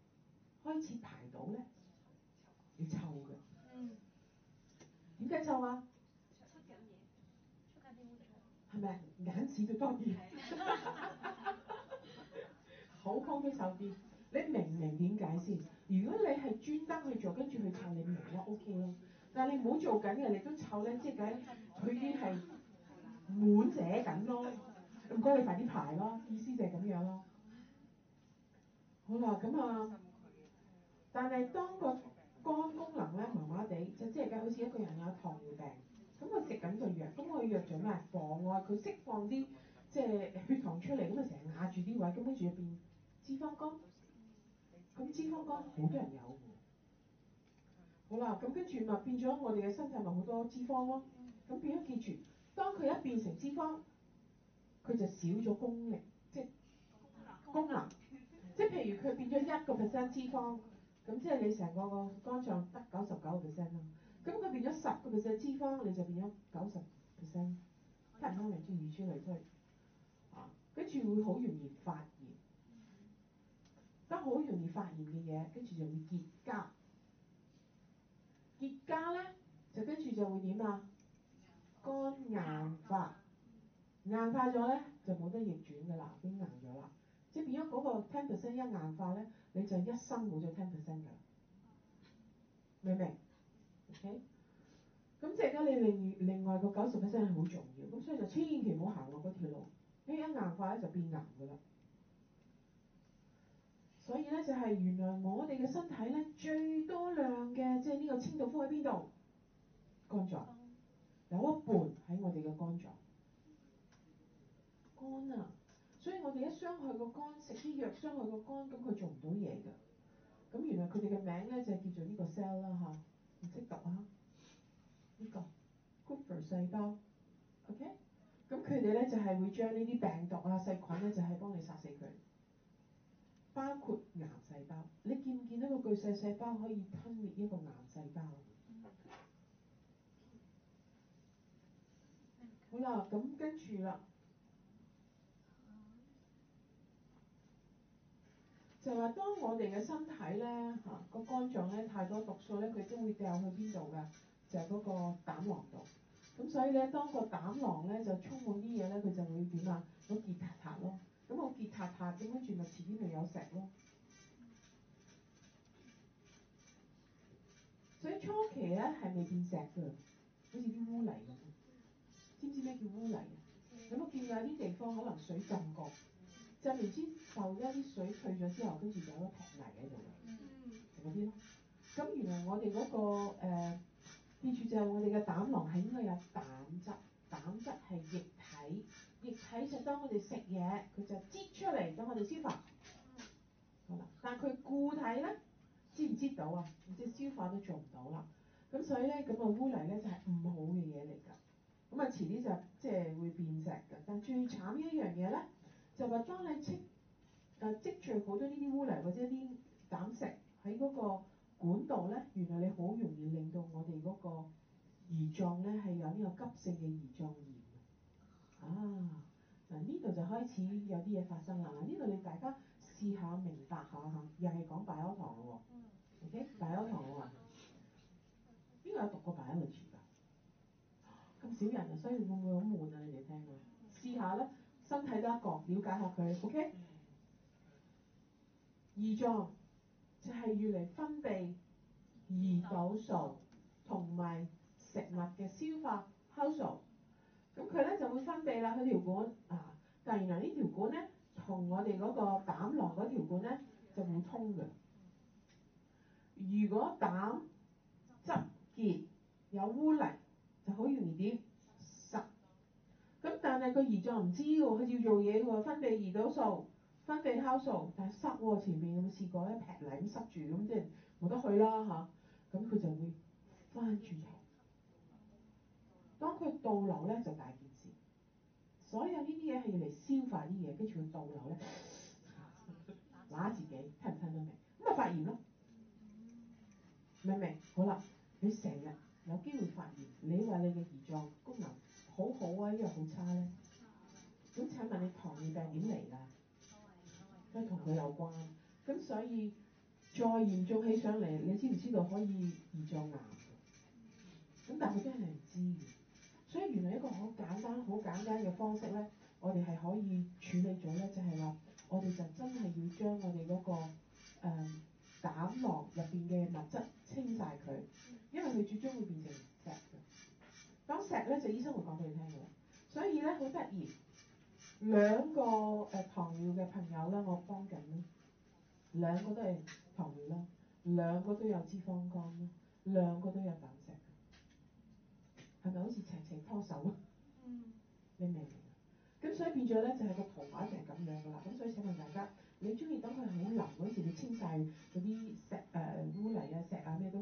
開始排到咧，你臭嘅。嗯。點解臭啊？出緊嘢，出緊啲污垢。係咪？眼屎都多嘅。好方哈！手啲。你明唔明點解先？如果你係專登去做，跟住去臭，你明啦，OK 啦。但係你唔好做緊嘅，你都臭咧，即係佢已經係滿寫緊咯。唔該，你快啲排咯，意思就係咁樣咯。好啦，咁啊，但係當個肝功能咧麻麻地，就即係嘅，好似一個人有糖尿病，咁佢食緊對藥，咁佢藥做咩？妨礙佢釋放啲即係血糖出嚟，咁啊成日壓住啲位，咁跟住入面脂肪肝。咁脂肪肝好多人有。好啦，咁跟住咪變咗我哋嘅身體咪好多脂肪咯。咁變咗結住，當佢一變成脂肪。佢就少咗功能，即係功能，即係譬如佢變咗一個 percent 脂肪，咁即係你成個個肝臟得九十九個 percent 咯，咁佢變咗十個 percent 脂肪，你就變咗九十 percent，差唔多你點二出嚟出去，啊，跟住會好容易發炎，得好容易發炎嘅嘢，跟住就會結痂，結痂咧就跟住就會點啊，肝硬化。硬化咗咧就冇得逆轉嘅啦，變硬咗啦，即係變咗嗰個 ten percent 一硬化咧，你就一生冇咗 ten percent 㗎，明唔明？OK，咁即係而家你另另外個九十 percent 係好重要，咁所以就千祈唔好行落嗰條路，因為一硬化咧就變硬㗎啦。所以咧就係原來我哋嘅身體咧最多量嘅即係呢個清道夫喺邊度？肝臟有一半喺我哋嘅肝臟。肝啊，所以我哋一傷害個肝，食啲藥傷害個肝，咁佢做唔到嘢㗎。咁原來佢哋嘅名咧就係叫做呢個 cell 啦、啊、吓，唔識讀啊？呢、呢個 Kupffer 細胞，OK？咁佢哋咧就係會將呢啲病毒啊、細菌咧就係幫你殺死佢，包括癌細胞。你見唔見到個巨細細胞可以吞滅一個癌細胞？Mm hmm. 好啦，咁跟住啦。就話當我哋嘅身體咧嚇個肝臟咧太多毒素咧，佢都會掉去邊度㗎？就係、是、嗰個膽囊度。咁所以咧，當個膽囊咧就充滿啲嘢咧，佢就會點啊？咁結塌塌咯。咁我結塌塌點樣住咪遲啲咪有石咯。所以初期咧係未變石㗎，好似啲污泥咁。知唔知咩叫污泥？嗯嗯、我有冇見過有啲地方可能水浸過？浸完之後咧，啲水去咗之後，跟住有一塊泥喺度嘅，啲咯、嗯。咁原來我哋嗰、嗰個呢啲、呃、就係我哋嘅膽囊係應該有膽汁，膽汁係液體，液體就當我哋食嘢，佢就擠出嚟等我哋消化。嗯、好啦，但係佢固體咧，知唔知到啊？即係消化都做唔到啦。咁所以咧，咁嘅污泥咧就係、是、唔好嘅嘢嚟㗎。咁啊，遲啲就即係會變石㗎。但最慘嘅一樣嘢咧～就話當你積誒、呃、積聚好多呢啲污泥或者啲膽石喺嗰個管道咧，原來你好容易令到我哋嗰個胰臟咧係有呢個急性嘅胰臟炎啊！嗱呢度就開始有啲嘢發生啦，呢度你大家試下明白下嚇，又係講白開堂喎。嗯、o、okay? K. 白開堂喎，邊個，嗯、有讀過白開書㗎？咁、啊、少人啊，所以會唔會好悶啊？你哋聽啊，嗯、試下啦～身體都一個，了解下佢，OK？胰臟就係要嚟分泌胰島素同埋食物嘅消化酵素，咁佢咧就會分泌啦。佢條管啊，但原來條呢條管咧同我哋嗰個膽囊嗰條管咧就冇通嘅。如果膽汁結有污泥，就好容易啲。咁但係個胰臟唔知喎，佢要做嘢喎，分泌胰島素、分泌酵素，但係塞喎，前面有冇試過咧？劈泥咁塞住，咁即係冇得去啦嚇。咁佢就會翻轉頭，當佢倒流咧就大件事。所有呢啲嘢係要嚟消化啲嘢，跟住佢倒流咧，揦自己聽唔聽到明？咁咪發炎咯，明唔明？好啦，你成日有機會發炎，你話你嘅胰臟功能。好好啊，呢個好差咧、啊。咁、嗯、請問你糖尿病點嚟㗎？都係同佢有關、啊。咁所以再嚴重起上嚟，你知唔知、嗯、知道可以胰臟癌？咁但係佢真係唔知。所以原來一個好簡單、好簡單嘅方式咧，我哋係可以處理咗咧，就係話我哋就真係要將我哋嗰、那個誒、嗯、膽囊入邊嘅物質清晒佢，因為佢最終會變成石。講石咧，就醫生會講俾你聽嘅啦。所以咧，好得意，兩個誒糖尿嘅朋友咧，我幫緊，兩個都係糖尿咯，兩個都有脂肪肝咯，兩個都有膽石，係咪好似情情拖手啊？嗯，你明唔明？咁所以變咗咧，就係個圖畫就係咁樣噶啦。咁所以請問大家，你中意等佢好腍嗰時，你清曬嗰啲石誒，污泥呀石啊咩都？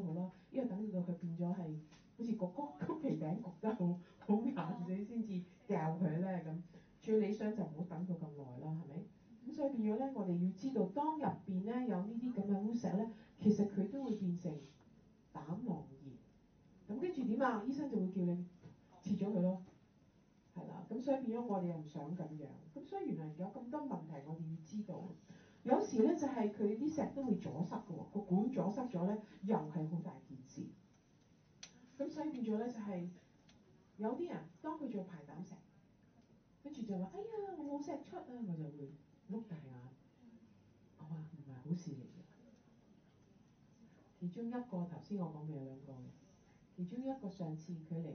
上次佢嚟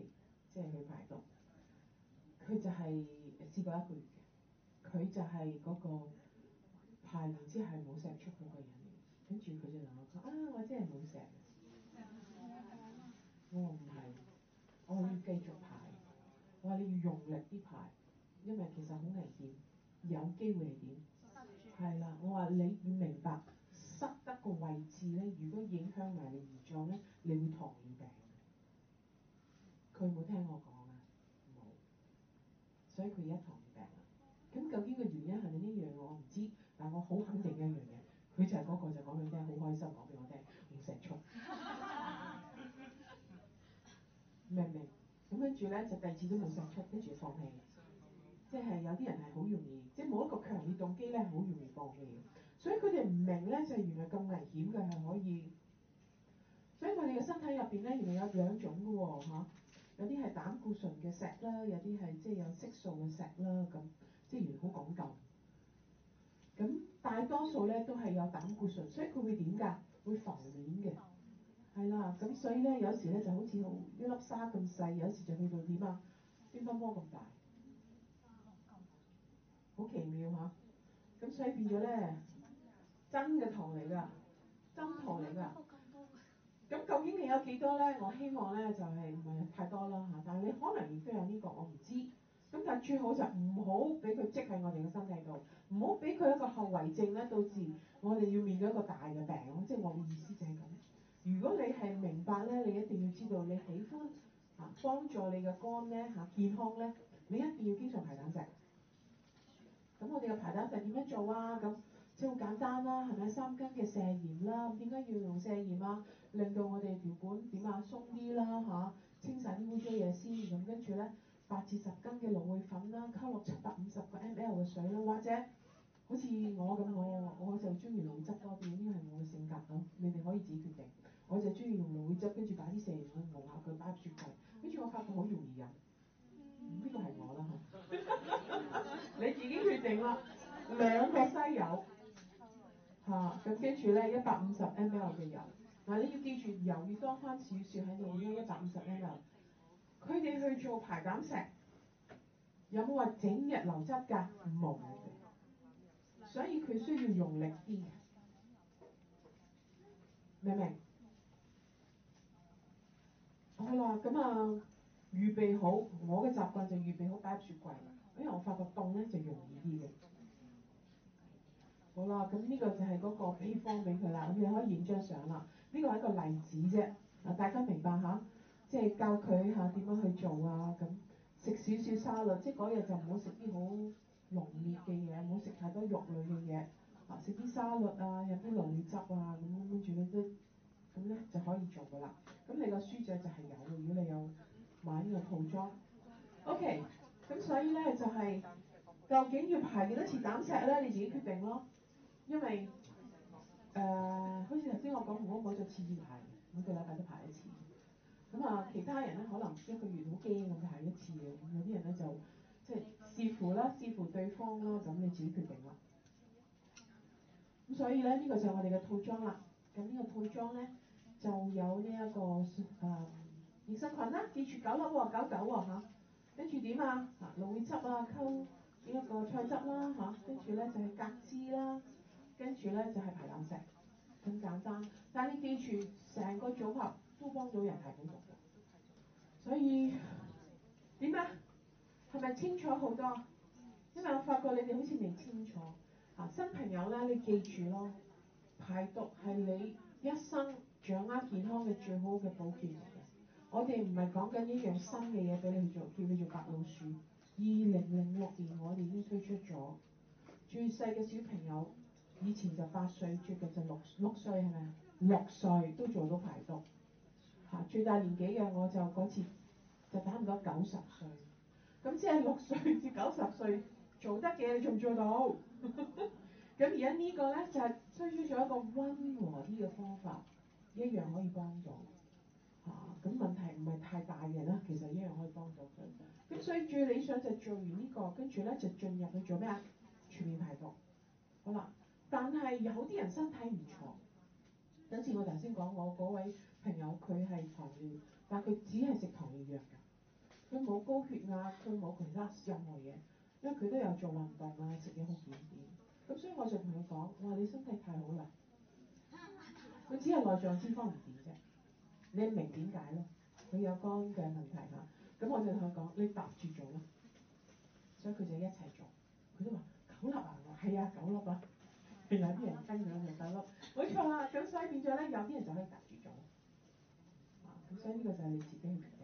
即係去排毒，佢就係、是、試過一個月，嘅，佢就係個排完之後冇石出嗰個人，嚟，跟住佢就同我講：啊，我真係冇石。我唔係，我要繼續排。我話你要用力啲排，因為其實好危險，有機會係點？係啦、嗯，我話你要明白，塞得個位置咧，如果影響埋你胰臟咧，你會糖尿病。佢冇聽我講啊，冇，所以佢一堂病。咁究竟個原因係咪呢樣我唔知，但我好肯定一樣嘢，佢就係嗰個就講佢聽，好、就是就是、開心講俾我聽，唔想出。咩 *laughs* 明咁跟住咧就第二次都冇想出，跟住放棄。即、就、係、是、有啲人係好容易，即係冇一個強烈動機咧，好容易放棄。所以佢哋唔明咧，就係、是、原來咁危險嘅係可以。所以我哋嘅身體入邊咧，原來有兩種嘅喎、哦，有啲係膽固醇嘅石啦，有啲係即係有色素嘅石啦，咁即係好講究。咁大多數咧都係有膽固醇，所以佢會點㗎？會浮面嘅，係啦、嗯。咁所以咧有時咧就好似好一粒沙咁細，有時,就,有時就去到點啊乒乓波咁大，好奇妙嚇、啊。咁所以變咗咧真嘅糖嚟㗎，真糖嚟㗎。咁究竟你有幾多咧？我希望咧就係唔係太多啦嚇，但係你可能亦都有呢個，我唔知。咁但係最好就唔好俾佢積喺我哋嘅身體度，唔好俾佢一個後遺症咧，導致我哋要面對一個大嘅病。即係我嘅意思就係咁。如果你係明白咧，你一定要知道，你喜歡嚇幫助你嘅肝咧嚇健康咧，你一定要經常排膽石。咁我哋嘅排膽石點樣做啊？咁好簡單啦，係咪三根嘅石鹽啦？點解要用石鹽啊？令到我哋條管點啊鬆啲啦嚇，清晒啲污糟嘢先，咁跟住咧八至十斤嘅蘆薈粉啦，溝落七百五十個 mL 嘅水啦，或者好似我咁，我我就鍾意蘆汁多啲，呢係我嘅性格咁，你哋可以自己決定，我就鍾意用蘆薈汁，跟住擺啲石乳去熬下佢，包住佢，跟住我發覺好容易飲，呢個係我啦，你自己決定啦，兩個西柚，嚇，咁跟住咧一百五十 mL 嘅油。嗱，你要記住，又要當翻小說喺度，呢一集五十呢集。佢哋去做排膽石，有冇話整日流汁㗎？冇，所以佢需要用力啲，明唔明？好啦，咁啊，預備好，我嘅習慣就預備好擺喺雪櫃，因、哎、為我發覺凍咧就容易啲嘅。好啦，咁呢個就係嗰個配方俾佢啦，咁你可以影張相啦。呢個係一個例子啫，啊大家明白吓，即係教佢吓點樣去做啊咁，食少少沙律，即係嗰日就唔好食啲好濃烈嘅嘢，唔好食太多肉類嘅嘢，啊食啲沙律啊，有啲濃烈汁啊，咁跟住咧咁咧就可以做噶啦。咁你個書仔就係有如果你有買呢個套裝。OK，咁所以咧就係、是、究竟要排幾多次膽石咧，你自己決定咯，因為。誒，uh, 好似頭先我講，我我再次排，我再禮拜都排一次。咁啊，其他人咧可能一個月好驚咁排一次嘅，有啲人咧就即係視乎啦，視乎對方啦，就咁你自己決定啦。咁所以咧，呢、這個就係我哋嘅套裝啦。咁呢個套裝咧就有呢、這、一個誒連、呃、身裙啦，記住九粒喎，九九喎嚇。跟住點啊？蘆、啊、面汁啊，溝呢一個菜汁啦嚇，跟住咧就係、是、格汁啦。啊咧就係排膽石咁簡單，但係你記住，成個組合都幫到人排毒嘅，所以點啊？係咪清楚好多？因為我發覺你哋好似未清楚啊！新朋友咧，你記住咯，排毒係你一生掌握健康嘅最好嘅保健嚟嘅。我哋唔係講緊呢樣新嘅嘢俾你做，叫你做白老鼠。二零零六年我哋已經推出咗最細嘅小朋友。以前就八歲，最近就六六歲係咪？六歲都做到排毒嚇、啊，最大年紀嘅我就嗰次就打唔到九十歲，咁即係六歲至九十歲做得嘅你仲做到，咁而家呢個咧就係推出咗一個溫和啲嘅方法，一樣可以幫到。嚇、啊。咁問題唔係太大嘅啦，其實一樣可以幫到。嘅。咁所以最理想就做完呢、這個，跟住咧就進入去做咩啊？全面排毒，好啦。但係有啲人身體唔錯，等似我頭先講我嗰位朋友，佢係糖尿，但係佢只係食糖尿藥㗎，佢冇高血壓，佢冇其他任何嘢，因為佢都有做運動啊，食嘢好檢點。咁所以我就同佢講，我話你身體太好啦，佢只係內臟脂肪唔掂啫，你明點解咯？佢有肝嘅問題嚇，咁我就同佢講，你搭住做咯，所以佢就一齊做，佢都話九粒啊，係啊，九粒啦、啊。原來有啲人跟住佢啦，係咪咯？冇錯啦，咁所以變咗咧，有啲人就係隔住咗。咁所以呢個就係你自己嘅。